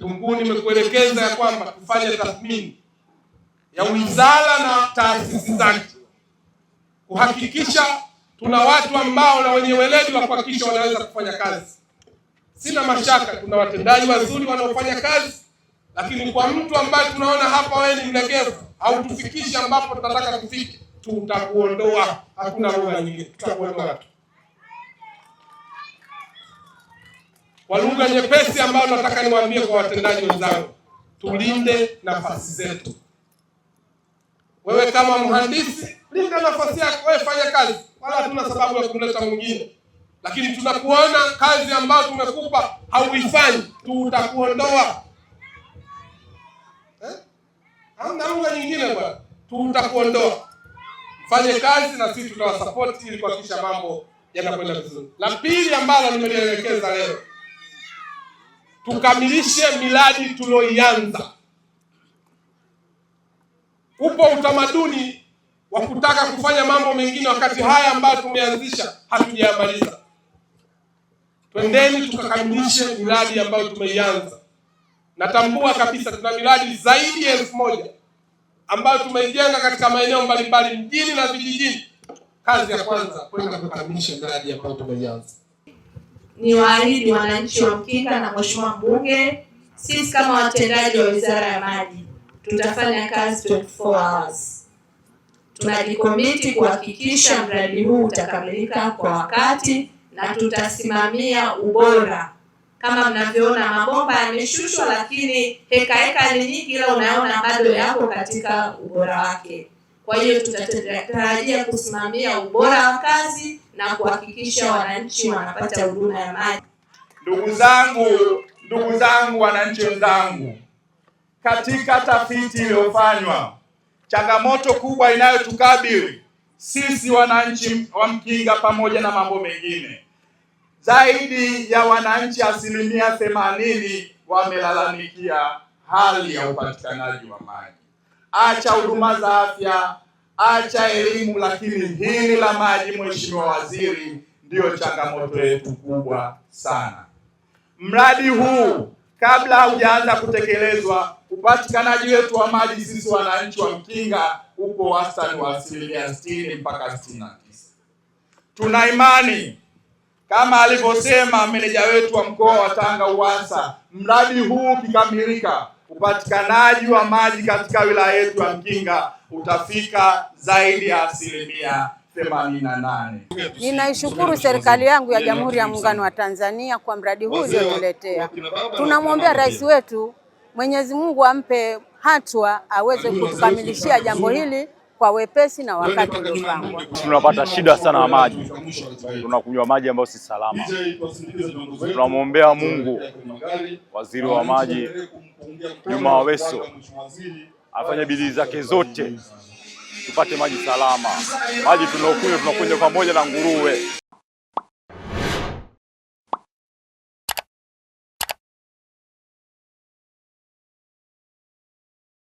Mkuu, nimekuelekeza ya kwamba tufanye tathmini ya wizara na taasisi zake kuhakikisha tuna watu ambao na wenye weledi wa kuhakikisha wanaweza kufanya kazi. Sina mashaka tuna watendaji wazuri wanaofanya kazi, lakini kwa mtu ambaye tunaona hapa wewe ni mlegevu, hautufikishi ambapo tunataka tufike, tutakuondoa. Hakuna lugha nyingine, tutakuondoa tu. Kwa lugha nyepesi ambayo nataka niwaambie kwa watendaji wenzangu, tulinde nafasi zetu. Wewe kama mhandisi, linda nafasi yako, wewe fanya kazi, wala hatuna sababu ya kumleta mwingine, lakini tunakuona kazi ambayo tumekupa hauifanyi, tutakuondoa. Eh? Hamna lugha nyingine bwana, tutakuondoa. Fanye kazi na sisi tutawasapoti ili kuhakikisha mambo yanakwenda vizuri. La pili ambalo nimelielekeza leo tukamilishe miradi tuloianza. Upo utamaduni wa kutaka kufanya mambo mengine wakati haya ambayo tumeanzisha hatujayamaliza. Twendeni tukakamilishe miradi ambayo tumeianza. Natambua kabisa tuna miradi zaidi ya elfu moja ambayo tumeijenga katika maeneo mbalimbali mjini na vijijini. Kazi ya kwanza kwenda kukamilisha miradi ambayo tumeianza ni waahidi wananchi wa Mkinga na mheshimiwa mbunge, sisi kama watendaji wa wizara ya maji tutafanya kazi 24 hours. Tunajikomiti kuhakikisha mradi huu utakamilika kwa wakati na tutasimamia ubora. Kama mnavyoona mabomba yameshushwa, lakini heka heka ni nyingi, ila unaona bado yako katika ubora wake. Kwa hiyo tutatarajia kusimamia ubora wa kazi na kuhakikisha wananchi wanapata huduma ya maji. Ndugu zangu, ndugu zangu, wananchi wenzangu, katika tafiti iliyofanywa, changamoto kubwa inayotukabili sisi wananchi wa Mkinga pamoja na mambo mengine, zaidi ya wananchi asilimia themanini wamelalamikia hali ya upatikanaji wa maji, acha huduma za afya acha elimu, lakini hili la maji, mheshimiwa waziri, ndiyo changamoto yetu kubwa sana. Mradi huu kabla haujaanza kutekelezwa, upatikanaji wetu wa maji sisi wananchi wa Mkinga uko wastani wa asilimia sitini mpaka sitini na tisa. Tuna imani kama alivyosema meneja wetu wa mkoa wa Tanga Uwasa, mradi huu ukikamilika upatikanaji wa maji katika wilaya yetu ya Mkinga utafika zaidi ya asilimia themanini na nane. Ninaishukuru serikali yangu ya Jamhuri ya Muungano wa Tanzania kwa mradi huu uliotuletea. Tunamwombea rais wetu Mwenyezi Mungu ampe hatua aweze kutukamilishia jambo hili kwa wepesi na wakati uliopangwa. Tunapata shida sana ya maji, tunakunywa maji ambayo si salama. Tunamwombea Mungu waziri wa maji Juma Aweso afanye bidii zake zote tupate maji salama. Maji tunaokunywa tunakunywa pamoja na nguruwe.